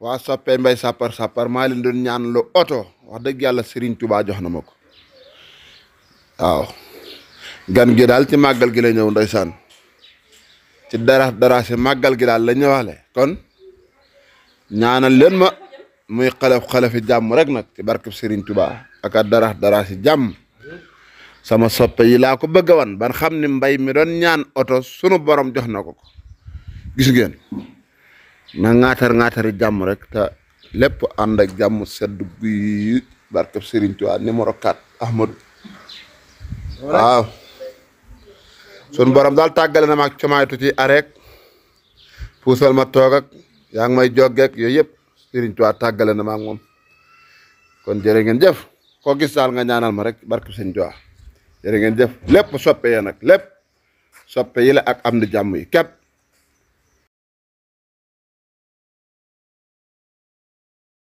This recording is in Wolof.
waa soppee mbay sàppar sàppar maa leen doon ñaan lu oto wax dëgg yàlla Serigne Touba jox na ma ko waaw gan gi daal ci màggal gi la ñëw ndeysaan ci dara dara màggal gi daal la ñëwaale kon ñaanal leen ma muy xalaf xalafi jàmm rek nag ci barkeb Serigne Touba ak a dara dara si jàmm sama soppe yi laa ko bëgg a wan ban xam ni mbay mi doon ñaan oto sunu borom jox na ko ko gis ngeen. na ŋaatar ŋaatari jàmm rek te lépp ànd ak jàmm sedd guy barkab Serigne Touba numéro 4 Ahmadou waaw sun borom daal tàggale na maag comaaytu ci areek puusal ma toog ak yaa ngi may jogek yooyu yëpp Serigne Touba tàggale na maag moom kon jërë ngeen jëf koo gis daal nga ñaanal ma rek barkab Serigne Touba jërë ngeen jëf lépp soppe ya nag lépp soppe yi la ak am na jàmm yi képp